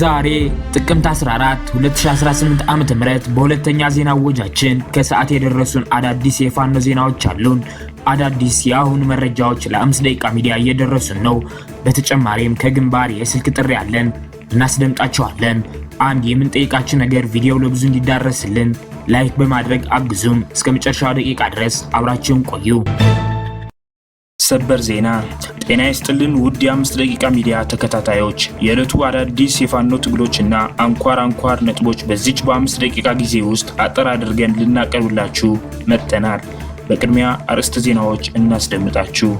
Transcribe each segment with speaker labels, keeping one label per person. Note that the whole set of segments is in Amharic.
Speaker 1: ዛሬ ጥቅምት 14 2018 ም በሁለተኛ ዜና ወጃችን ከሰዓት የደረሱን አዳዲስ የፋኖ ዜናዎች አሉን። አዳዲስ የአሁኑ መረጃዎች ለአምስት ደቂቃ ሚዲያ እየደረሱን ነው። በተጨማሪም ከግንባር የስልክ ጥሪ አለን፣ እናስደምጣቸዋለን። አንድ የምንጠይቃችሁ ነገር ቪዲዮው ለብዙ እንዲዳረስልን ላይክ በማድረግ አግዙም። እስከ መጨረሻው ደቂቃ ድረስ አብራችሁን ቆዩ። ሰበር ዜና። ጤና ይስጥልን ውድ የአምስት ደቂቃ ሚዲያ ተከታታዮች፣ የዕለቱ አዳዲስ የፋኖ ትግሎችና አንኳር አንኳር ነጥቦች በዚች በአምስት ደቂቃ ጊዜ ውስጥ አጠር አድርገን ልናቀርብላችሁ መጥተናል። በቅድሚያ አርዕስተ ዜናዎች እናስደምጣችሁ።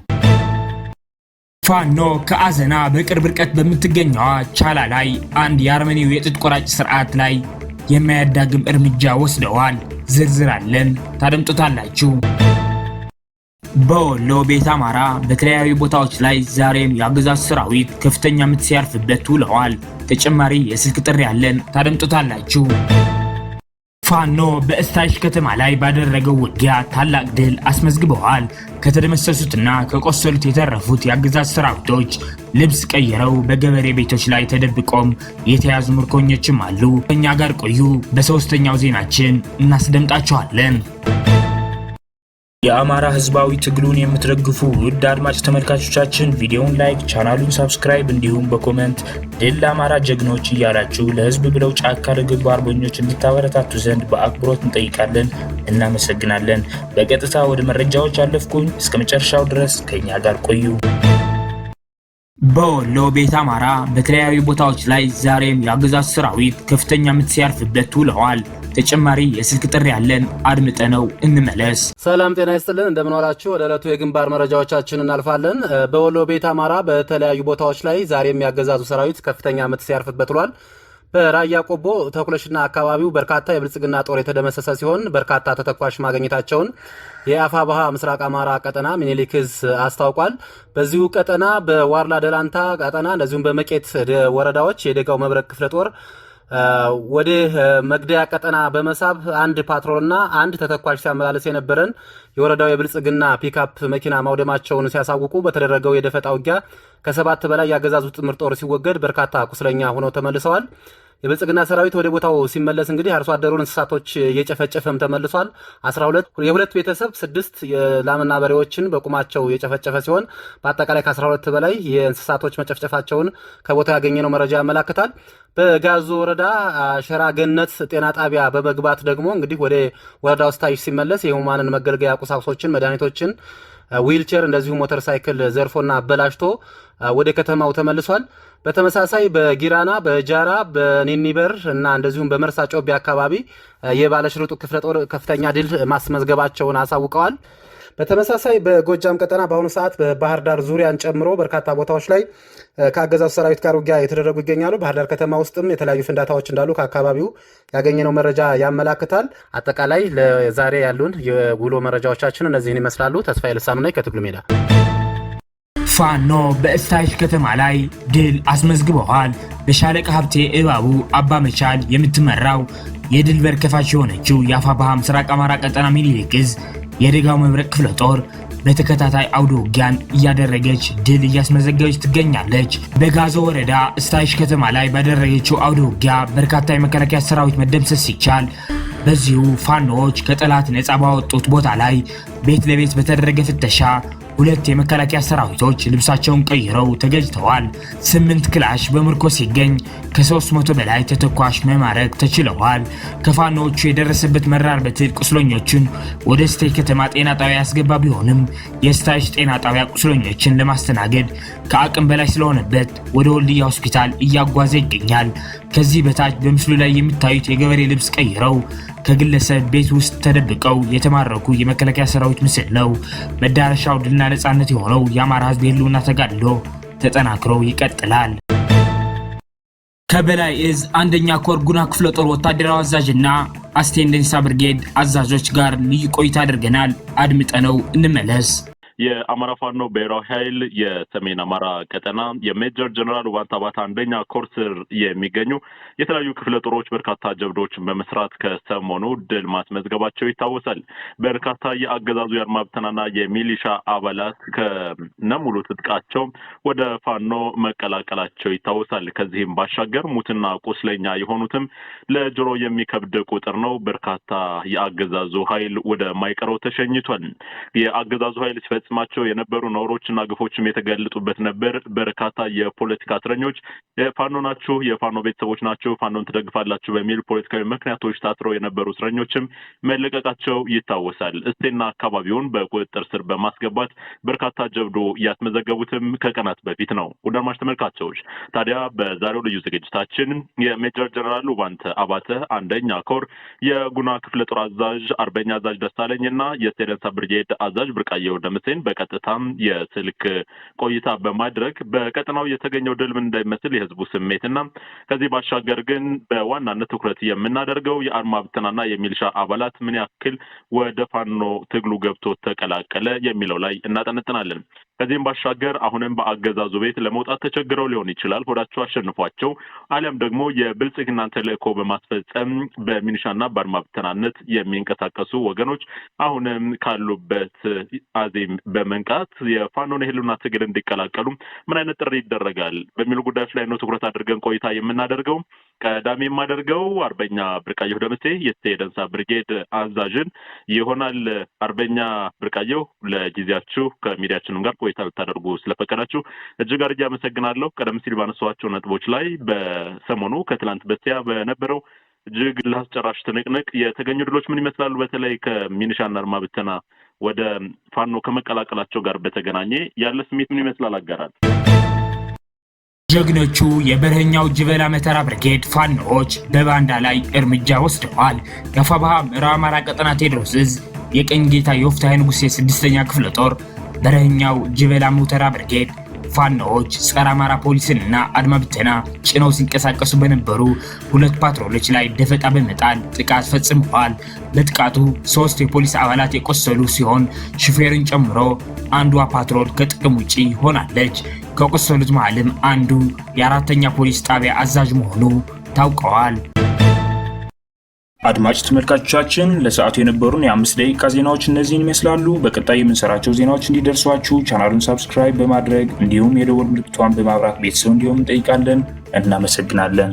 Speaker 1: ፋኖ ከአዘና በቅርብ ርቀት በምትገኘዋ ቻላ ላይ አንድ የአርመኒው የጥጥ ቆራጭ ስርዓት ላይ የማያዳግም እርምጃ ወስደዋል። ዝርዝር አለን ታደምጡታላችሁ። በወሎ ቤት አማራ በተለያዩ ቦታዎች ላይ ዛሬም የአገዛዝ ሰራዊት ከፍተኛ ምት ሲያርፍበት ውለዋል። ተጨማሪ የስልክ ጥሪ ያለን ታደምጡታላችሁ። ፋኖ በእስታይሽ ከተማ ላይ ባደረገው ውጊያ ታላቅ ድል አስመዝግበዋል። ከተደመሰሱትና ከቆሰሉት የተረፉት የአገዛዝ ሰራዊቶች ልብስ ቀይረው በገበሬ ቤቶች ላይ ተደብቆም የተያዙ ምርኮኞችም አሉ። ከእኛ ጋር ቆዩ። በሶስተኛው ዜናችን እናስደምጣቸዋለን። የአማራ ህዝባዊ ትግሉን የምትደግፉ ውድ አድማጭ ተመልካቾቻችን ቪዲዮውን ላይክ፣ ቻናሉን ሰብስክራይብ እንዲሁም በኮመንት ድል ለአማራ ጀግኖች እያላችሁ ለህዝብ ብለው ጫካ ለገቡ አርበኞች እንድታበረታቱ ዘንድ በአክብሮት እንጠይቃለን። እናመሰግናለን። በቀጥታ ወደ መረጃዎች አለፍኩኝ። እስከ መጨረሻው ድረስ ከኛ ጋር ቆዩ። በወሎ ቤት አማራ በተለያዩ ቦታዎች ላይ ዛሬም የአገዛዝ ሰራዊት ከፍተኛ ምት ሲያርፍበት ውለዋል። ተጨማሪ የስልክ ጥሪ ያለን አድምጠነው እንመለስ።
Speaker 2: ሰላም ጤና ይስጥልን፣ እንደምንዋላችሁ። ወደ ዕለቱ የግንባር መረጃዎቻችን እናልፋለን። በወሎ ቤት አማራ በተለያዩ ቦታዎች ላይ ዛሬም የአገዛዙ ሰራዊት ከፍተኛ ምት ሲያርፍበት ውሏል። በራያ ቆቦ ተኩለሽና አካባቢው በርካታ የብልጽግና ጦር የተደመሰሰ ሲሆን በርካታ ተተኳሽ ማግኘታቸውን የአፋ ባህ ምስራቅ አማራ ቀጠና ሚኒሊክዝ አስታውቋል። በዚሁ ቀጠና በዋርላ ደላንታ ቀጠና እንደዚሁም በመቄት ወረዳዎች የደጋው መብረቅ ክፍለ ጦር ወደ መግደያ ቀጠና በመሳብ አንድ ፓትሮልና አንድ ተተኳሽ ሲያመላለስ የነበረን የወረዳው የብልጽግና ፒካፕ መኪና ማውደማቸውን ሲያሳውቁ በተደረገው የደፈጣ ውጊያ ከሰባት በላይ የአገዛዙ ጥምር ጦር ሲወገድ በርካታ ቁስለኛ ሆነው ተመልሰዋል። የብልጽግና ሰራዊት ወደ ቦታው ሲመለስ እንግዲህ አርሶ አደሩን እንስሳቶች እየጨፈጨፈም ተመልሷል። አስራ ሁለት የሁለት ቤተሰብ ስድስት የላምና በሬዎችን በቁማቸው የጨፈጨፈ ሲሆን በአጠቃላይ ከአስራ ሁለት በላይ የእንስሳቶች መጨፍጨፋቸውን ከቦታው ያገኘነው መረጃ ያመላክታል። በጋዞ ወረዳ ሸራ ገነት ጤና ጣቢያ በመግባት ደግሞ እንግዲህ ወደ ወረዳ ውስታይ ሲመለስ የሁማንን መገልገያ ቁሳቁሶችን፣ መድኃኒቶችን፣ ዊልቸር እንደዚሁ ሞተር ሳይክል ዘርፎና አበላሽቶ ወደ ከተማው ተመልሷል። በተመሳሳይ በጊራና በጃራ በኒኒበር እና እንደዚሁም በመርሳ ጮቤ አካባቢ የባለሽርጡ ክፍለ ጦር ከፍተኛ ድል ማስመዝገባቸውን አሳውቀዋል። በተመሳሳይ በጎጃም ቀጠና በአሁኑ ሰዓት በባህር ዳር ዙሪያን ጨምሮ በርካታ ቦታዎች ላይ ከአገዛዙ ሰራዊት ጋር ውጊያ የተደረጉ ይገኛሉ። ባህር ዳር ከተማ ውስጥም የተለያዩ ፍንዳታዎች እንዳሉ ከአካባቢው ያገኘነው መረጃ ያመላክታል። አጠቃላይ ለዛሬ ያሉን የውሎ መረጃዎቻችን እነዚህን ይመስላሉ። ተስፋዬ ልሳኑ ከትግሉ ሜዳ
Speaker 1: ፋኖ በእስታይሽ ከተማ ላይ ድል አስመዝግበዋል። በሻለቃ ሀብቴ እባቡ አባ መቻል የምትመራው የድል በርከፋች የሆነችው የአፋባሃ ምስራቅ አማራ ቀጠና ሚኒሊክ እዝ የደጋው መብረቅ ክፍለ ጦር በተከታታይ አውደ ውጊያን እያደረገች ድል እያስመዘገበች ትገኛለች። በጋዞ ወረዳ እስታይሽ ከተማ ላይ ባደረገችው አውደ ውጊያ በርካታ የመከላከያ ሰራዊት መደምሰስ ሲቻል በዚሁ ፋኖዎች ከጠላት ነፃ ባወጡት ቦታ ላይ ቤት ለቤት በተደረገ ፍተሻ ሁለት የመከላከያ ሰራዊቶች ልብሳቸውን ቀይረው ተገጅተዋል። ስምንት ክላሽ በምርኮ ሲገኝ ከ300 በላይ ተተኳሽ መማረክ ተችለዋል። ከፋኖዎቹ የደረሰበት መራር በትል ቁስለኞችን ወደ ስቴ ከተማ ጤና ጣቢያ ያስገባ ቢሆንም የስታይሽ ጤና ጣቢያ ቁስለኞችን ለማስተናገድ ከአቅም በላይ ስለሆነበት ወደ ወልድያ ሆስፒታል እያጓዘ ይገኛል። ከዚህ በታች በምስሉ ላይ የሚታዩት የገበሬ ልብስ ቀይረው ከግለሰብ ቤት ውስጥ ተደብቀው የተማረኩ የመከላከያ ሰራዊት ምስል ነው። መዳረሻው ድልና ነጻነት የሆነው የአማራ ህዝብ የህልውና ተጋድሎ ተጠናክሮ ይቀጥላል። ከበላይ እዝ አንደኛ ኮር ጉና ክፍለ ጦር ወታደራዊ አዛዥና አስቴንደንሳ ብርጌድ አዛዦች ጋር ልዩ ቆይታ አድርገናል። አድምጠነው እንመለስ።
Speaker 3: የአማራ ፋኖ ብሔራዊ ኃይል የሰሜን አማራ ቀጠና የሜጀር ጀነራል ዋንታባት አንደኛ ኮርስር የሚገኙ የተለያዩ ክፍለ ጦሮች በርካታ ጀብዶችን በመስራት ከሰሞኑ ድል ማስመዝገባቸው ይታወሳል። በርካታ የአገዛዙ የአድማብተናና የሚሊሻ አባላት ከነሙሉ ትጥቃቸው ወደ ፋኖ መቀላቀላቸው ይታወሳል። ከዚህም ባሻገር ሙትና ቁስለኛ የሆኑትም ለጆሮ የሚከብድ ቁጥር ነው። በርካታ የአገዛዙ ኃይል ወደ ማይቀረው ተሸኝቷል። የአገዛዙ ኃይል ሲፈጽማቸው የነበሩ ነውሮችና ግፎችም የተገለጡበት ነበር። በርካታ የፖለቲካ እስረኞች ፋኖ ናችሁ፣ የፋኖ ቤተሰቦች ናችሁ፣ ፋኖን ትደግፋላችሁ በሚል ፖለቲካዊ ምክንያቶች ታስረው የነበሩ እስረኞችም መለቀቃቸው ይታወሳል። እስቴና አካባቢውን በቁጥጥር ስር በማስገባት በርካታ ጀብዶ ያስመዘገቡትም ከቀናት በፊት ነው። ውድ አድማጭ ተመልካቾች ታዲያ በዛሬው ልዩ ዝግጅታችን የሜጀር ጀነራል ውባንተ አባተ አንደኛ ኮር የጉና ክፍለ ጦር አዛዥ አርበኛ አዛዥ ደሳለኝ እና የስቴደንሳ ብርጌድ አዛዥ ብርቃየው ደምሴ ሁሴን በቀጥታም የስልክ ቆይታ በማድረግ በቀጠናው የተገኘው ድል ምን እንዳይመስል የህዝቡ ስሜትና ከዚህ ባሻገር ግን በዋናነት ትኩረት የምናደርገው የአድማ ብትናና የሚልሻ አባላት ምን ያክል ወደ ፋኖ ትግሉ ገብቶ ተቀላቀለ የሚለው ላይ እናጠነጥናለን። ከዚህም ባሻገር አሁንም በአገዛዙ ቤት ለመውጣት ተቸግረው ሊሆን ይችላል። ሆዳቸው አሸንፏቸው አሊያም ደግሞ የብልጽግና ተልእኮ በማስፈጸም በሚኒሻና በአድማ ብተናነት የሚንቀሳቀሱ ወገኖች አሁንም ካሉበት አዜም በመንቃት የፋኖን የህልውና ትግል እንዲቀላቀሉ ምን አይነት ጥሪ ይደረጋል በሚሉ ጉዳዮች ላይ ነው ትኩረት አድርገን ቆይታ የምናደርገው። ቀዳሚ የማደርገው አርበኛ ብርቃየሁ ደምሴ የስቴ ደንሳ ብርጌድ አዛዥን ይሆናል። አርበኛ ብርቃየሁ ለጊዜያችሁ ከሚዲያችንም ጋር ቆይታ ልታደርጉ ስለፈቀዳችሁ እጅግ አድርጌ አመሰግናለሁ። ቀደም ሲል ባነሷቸው ነጥቦች ላይ በሰሞኑ ከትላንት በስቲያ በነበረው እጅግ ላስጨራሽ ትንቅንቅ የተገኙ ድሎች ምን ይመስላሉ? በተለይ ከሚኒሻና አድማ ብተና ወደ ፋኖ ከመቀላቀላቸው ጋር በተገናኘ ያለ ስሜት ምን ይመስላል? አጋራል
Speaker 1: ጀግኖቹ የበረኛው ጅበላ መተራ ብርጌድ ፋኖዎች በባንዳ ላይ እርምጃ ወስደዋል። የአፋባሃ ምዕራብ አማራ ቀጠና ቴዎድሮስ እዝ የቀኝ ጌታ የወፍታ ንጉሴ ስድስተኛ ክፍለ ጦር በረኛው ጅበላ ሙተራ ብርጌድ ፋኖዎች ጸረ አማራ ፖሊስንና አድማ ብተና ጭነው ሲንቀሳቀሱ በነበሩ ሁለት ፓትሮሎች ላይ ደፈጣ በመጣል ጥቃት ፈጽመዋል። በጥቃቱ ሶስት የፖሊስ አባላት የቆሰሉ ሲሆን ሹፌርን ጨምሮ አንዷ ፓትሮል ከጥቅም ውጪ ሆናለች። ከቆሰሉት መሃልም አንዱ የአራተኛ ፖሊስ ጣቢያ አዛዥ መሆኑ ታውቀዋል። አድማጭ ተመልካቾቻችን ለሰዓቱ የነበሩን የአምስት ደቂቃ ዜናዎች እነዚህን ይመስላሉ። በቀጣይ የምንሰራቸው ዜናዎች እንዲደርሷችሁ ቻናሉን ሰብስክራይብ በማድረግ እንዲሁም የደወል ምልክቷን በማብራት ቤተሰብ እንዲሆን እንጠይቃለን። እናመሰግናለን።